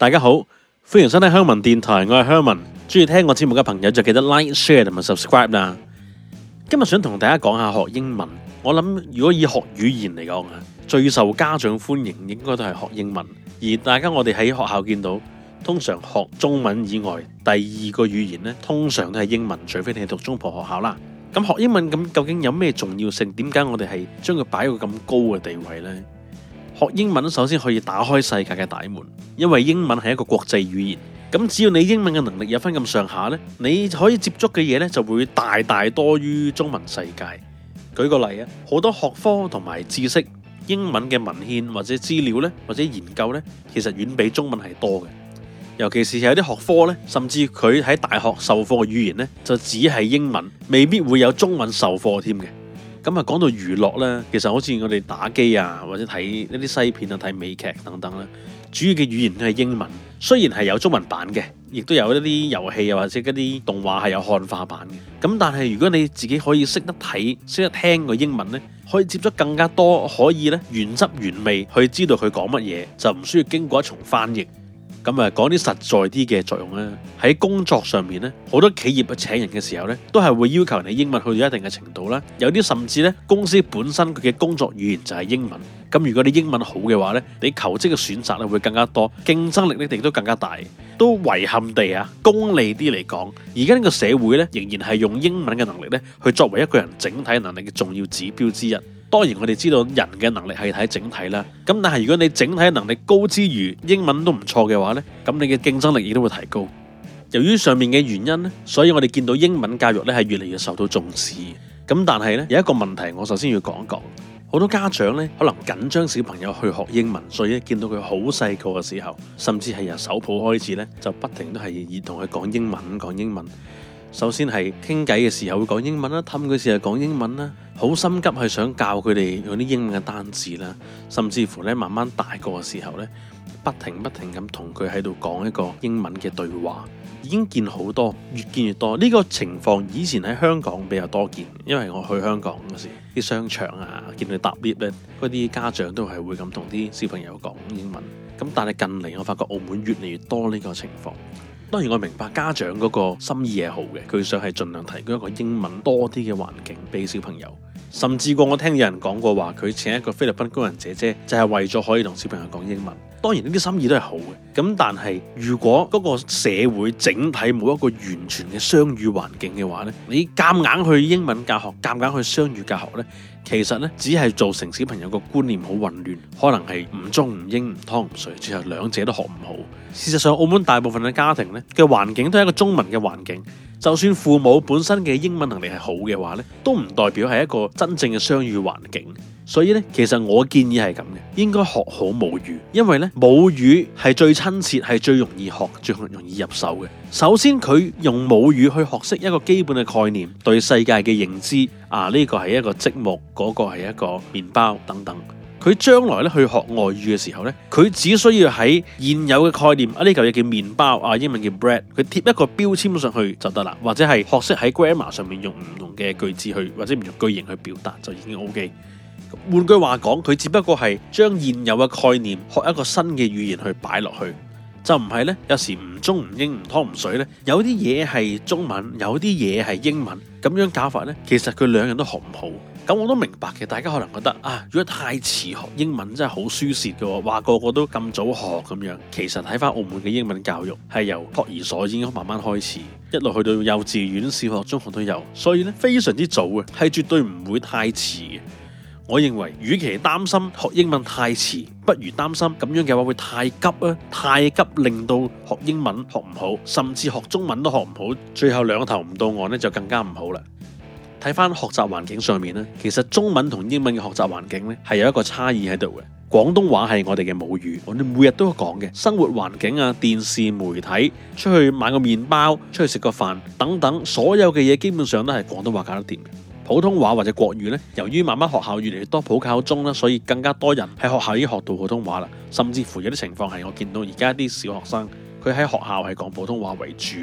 大家好，歡迎收聽香文電台，我係香文，中意聽我節目嘅朋友就記得 like、share 同埋 subscribe 啦。今日想同大家講下學英文，我諗如果以學語言嚟講啊，最受家長歡迎應該都係學英文。而大家我哋喺學校見到，通常學中文以外，第二個語言呢，通常都係英文，除非你係讀中葡學校啦。咁學英文咁究竟有咩重要性？點解我哋係將佢擺喺咁高嘅地位呢？學英文首先可以打開世界嘅大門，因為英文係一個國際語言。咁只要你英文嘅能力有返咁上下呢，你可以接觸嘅嘢，呢就會大大多於中文世界。舉個例啊，好多學科同埋知識，英文嘅文獻或者資料呢，或者研究呢，其實遠比中文係多嘅。尤其是有啲學科呢，甚至佢喺大學授課嘅語言呢，就只係英文，未必會有中文授課添嘅。咁啊，講到娛樂呢，其實好似我哋打機啊，或者睇呢啲西片啊、睇美劇等等咧，主要嘅語言都係英文。雖然係有中文版嘅，亦都有一啲遊戲呀或者一啲動畫係有漢化版嘅。咁但係如果你自己可以識得睇、識得聽個英文呢，可以接觸更加多，可以呢原汁原味去知道佢講乜嘢，就唔需要經過一重翻譯。咁啊，講啲實在啲嘅作用啦。喺工作上面咧，好多企業請人嘅時候咧，都係會要求你英文去到一定嘅程度啦。有啲甚至咧，公司本身佢嘅工作語言就係英文。咁如果你英文好嘅話咧，你求職嘅選擇咧會更加多，競爭力咧亦都更加大。都遺憾地啊，功利啲嚟講，而家呢個社會咧，仍然係用英文嘅能力咧，去作為一個人整體能力嘅重要指標之一。當然，我哋知道人嘅能力係睇整體啦。咁但係如果你整體能力高之餘，英文都唔錯嘅話咧，咁你嘅競爭力亦都會提高。由於上面嘅原因咧，所以我哋見到英文教育咧係越嚟越受到重視。咁但係咧，有一個問題，我首先要講一講。好多家長咧，可能緊張小朋友去學英文，所以咧見到佢好細個嘅時候，甚至係由手抱開始咧，就不停都係熱同佢講英文，講英文。首先係傾偈嘅時候會講英文啦，氹佢時候講英文啦，好心急係想教佢哋用啲英文嘅單字啦，甚至乎咧慢慢大個嘅時候咧。不停不停咁同佢喺度講一個英文嘅對話，已經見好多，越見越多呢個情況。以前喺香港比較多見，因為我去香港嗰時啲商場啊，見佢搭 lift 咧，嗰啲家長都係會咁同啲小朋友講英文。咁但係近嚟我發覺澳門越嚟越多呢個情況。當然我明白家長嗰個心意係好嘅，佢想係盡量提供一個英文多啲嘅環境俾小朋友。甚至過，我聽有人講過話，佢請一個菲律賓工人姐姐，就係為咗可以同小朋友講英文。當然呢啲心意都係好嘅，咁但係如果嗰個社會整體冇一個完全嘅雙語環境嘅話呢，你夾硬去英文教學，夾硬去雙語教學咧？其實呢，只係造成小朋友個觀念好混亂，可能係唔中唔英唔湯唔水，最後兩者都學唔好。事實上，澳門大部分嘅家庭呢嘅環境都係一個中文嘅環境，就算父母本身嘅英文能力係好嘅話呢，都唔代表係一個真正嘅雙語環境。所以咧，其實我建議係咁嘅，應該學好母語，因為咧母語係最親切，係最容易學、最容易入手嘅。首先，佢用母語去學識一個基本嘅概念，對世界嘅認知。啊，呢、這個係一個積木，嗰、這個係一個麵包等等。佢將來咧去學外語嘅時候咧，佢只需要喺現有嘅概念，啊呢嚿嘢叫麵包，啊英文叫 bread，佢貼一個標籤上去就得啦。或者係學識喺 grammar 上面用唔同嘅句子去，或者唔用句型去表達，就已經 O、OK、K。換句話講，佢只不過係將現有嘅概念學一個新嘅語言去擺落去，就唔係呢。有時唔中唔英唔湯唔水呢，有啲嘢係中文，有啲嘢係英文，咁樣搞法呢，其實佢兩樣都學唔好。咁我都明白嘅，大家可能覺得啊，如果太遲學英文真係好輸蝕嘅，話個個都咁早學咁樣。其實睇翻澳門嘅英文教育係由託兒所已經慢慢開始，一路去到幼稚園、小學、中學都有，所以呢，非常之早嘅，係絕對唔會太遲。我認為，與其擔心學英文太遲，不如擔心咁樣嘅話會太急啊！太急令到學英文學唔好，甚至學中文都學唔好，最後兩頭唔到岸呢，就更加唔好啦。睇返學習環境上面呢，其實中文同英文嘅學習環境呢，係有一個差異喺度嘅。廣東話係我哋嘅母語，我哋每日都講嘅，生活環境啊、電視媒體、出去買個麵包、出去食個飯等等，所有嘅嘢基本上都係廣東話搞得掂普通話或者國語呢，由於慢慢學校越嚟越多普考中普教中啦，所以更加多人喺學校已經學到普通話啦。甚至乎有啲情況係我見到而家啲小學生，佢喺學校係講普通話為主，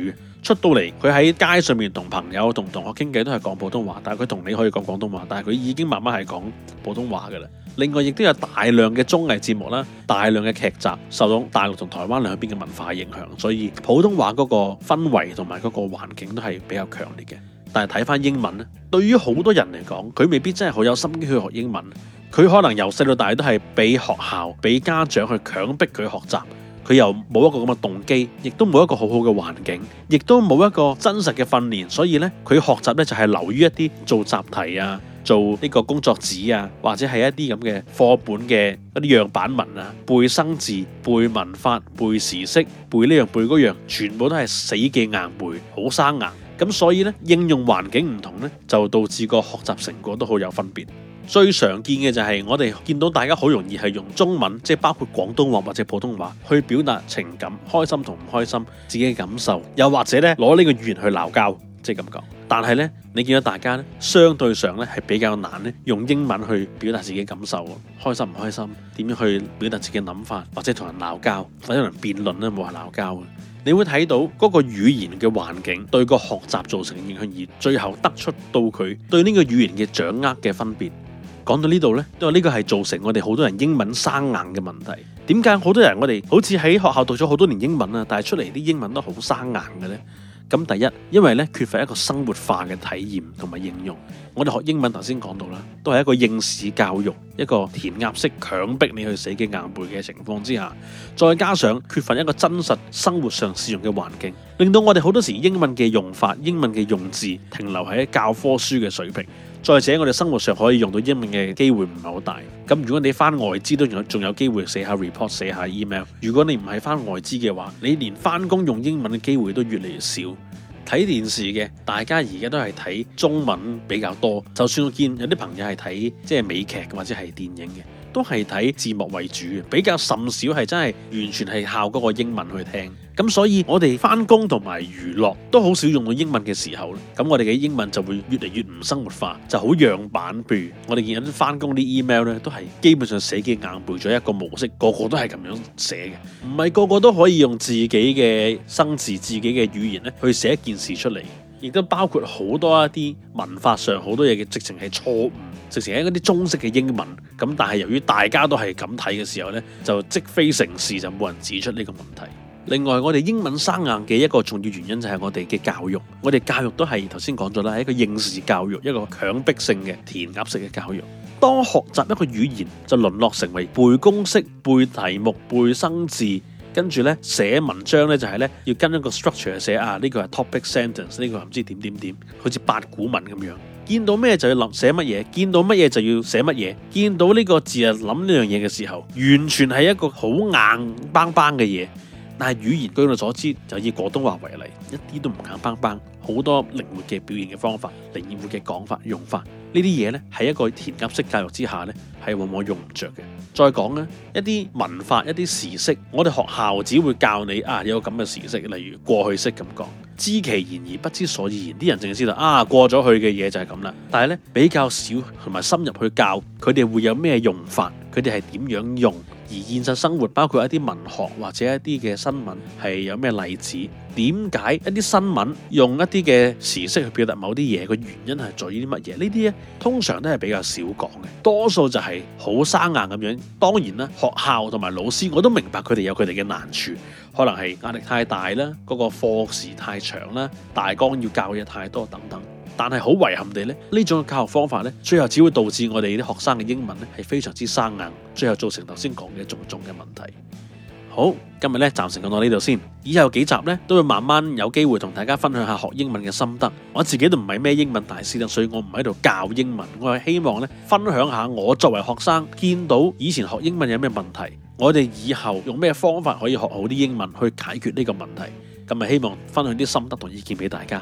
出到嚟佢喺街上面同朋友同同學傾偈都係講普通話，但係佢同你可以講廣東話，但係佢已經慢慢係講普通話㗎啦。另外亦都有大量嘅綜藝節目啦，大量嘅劇集受咗大陸同台灣兩邊嘅文化影響，所以普通話嗰個氛圍同埋嗰個環境都係比較強烈嘅。但係睇翻英文咧，對於好多人嚟講，佢未必真係好有心機去學英文。佢可能由細到大都係俾學校、俾家長去強迫佢學習，佢又冇一個咁嘅動機，亦都冇一個好好嘅環境，亦都冇一個真實嘅訓練。所以咧，佢學習咧就係流於一啲做習題啊，做呢個工作紙啊，或者係一啲咁嘅課本嘅一啲樣板文啊，背生字、背文法、背時式、背呢樣背嗰樣，全部都係死記硬背，好生硬。咁所以呢，應用環境唔同呢，就導致個學習成果都好有分別。最常見嘅就係、是、我哋見到大家好容易係用中文，即係包括廣東話或者普通話去表達情感、開心同唔開心、自己嘅感受，又或者呢，攞呢個語言去鬧交，即係咁講。但係呢，你見到大家呢，相對上呢，係比較難呢，用英文去表達自己感受，開心唔開心，點樣去表達自己嘅諗法，或者同人鬧交，或者同人辯論呢，冇話鬧交。你會睇到嗰個語言嘅環境對個學習造成影響，而最後得出到佢對呢個語言嘅掌握嘅分別。講到呢度呢，因為呢個係造成我哋好多人英文生硬嘅問題。點解好多人我哋好似喺學校讀咗好多年英文呀，但係出嚟啲英文都好生硬嘅呢？咁第一，因為咧缺乏一個生活化嘅體驗同埋應用，我哋學英文頭先講到啦，都係一個應試教育，一個填鴨式強迫你去死記硬背嘅情況之下，再加上缺乏一個真實生活上使用嘅環境，令到我哋好多時英文嘅用法、英文嘅用字停留喺喺教科書嘅水平。再者，我哋生活上可以用到英文嘅機會唔係好大。咁如果你翻外資都仲有仲有機會寫下 report 寫下 email。如果你唔係翻外資嘅話，你連翻工用英文嘅機會都越嚟越少。睇電視嘅，大家而家都係睇中文比較多。就算我見有啲朋友係睇即係美劇或者係電影嘅。都係睇字幕為主嘅，比較甚少係真係完全係靠嗰個英文去聽。咁所以，我哋翻工同埋娛樂都好少用到英文嘅時候咧，咁我哋嘅英文就會越嚟越唔生活化，就好樣板。譬如我哋見緊翻工啲 email 咧，都係基本上死記硬背咗一個模式，個個都係咁樣寫嘅，唔係個個都可以用自己嘅生字、自己嘅語言咧去寫一件事出嚟。亦都包括好多一啲文化上好多嘢嘅，直情係錯誤，直情係一啲中式嘅英文。咁但係由於大家都係咁睇嘅時候咧，就積非成是，就冇人指出呢個問題。另外，我哋英文生硬嘅一個重要原因就係我哋嘅教育。我哋教育都係頭先講咗啦，係一個應試教育，一個強迫性嘅填鴨式嘅教育。當學習一個語言就淪落成為背公式、背題目、背生字。跟住咧寫文章咧就係咧要跟一個 structure 寫啊，呢個係 topic sentence，呢個唔知點點點，好似八股文咁樣。見到咩就要諗寫乜嘢，見到乜嘢就要寫乜嘢，見到呢個字啊諗呢樣嘢嘅時候，完全係一個好硬邦邦嘅嘢。但係語言據我所知就以廣東話為例，一啲都唔硬邦邦，好多靈活嘅表現嘅方法，靈活嘅講法用法。呢啲嘢呢，喺一個填鴨式教育之下呢，係往往用唔着嘅。再講咧，一啲文化、一啲時式，我哋學校只會教你啊有咁嘅時式，例如過去式咁講，知其然而不知所以然，啲人淨係知道啊過咗去嘅嘢就係咁啦。但係呢，比較少同埋深入去教佢哋會有咩用法，佢哋係點樣用？而現實生活包括一啲文學或者一啲嘅新聞係有咩例子？點解一啲新聞用一啲嘅時式去表達某啲嘢？個原因係在於啲乜嘢？呢啲咧通常都係比較少講嘅，多數就係好生硬咁樣。當然啦，學校同埋老師我都明白佢哋有佢哋嘅難處，可能係壓力太大啦，嗰個課時太長啦，大綱要教嘢太多等等。但係好遺憾地呢，呢種教學方法呢，最後只會導致我哋啲學生嘅英文呢係非常之生硬，最後造成頭先講嘅種種嘅問題。好，今日呢，暫時講到呢度先，以後幾集呢，都會慢慢有機會同大家分享下學英文嘅心得。我自己都唔係咩英文大師啊，所以我唔喺度教英文，我係希望呢，分享下我作為學生見到以前學英文有咩問題，我哋以後用咩方法可以學好啲英文去解決呢個問題，咁咪希望分享啲心得同意見俾大家。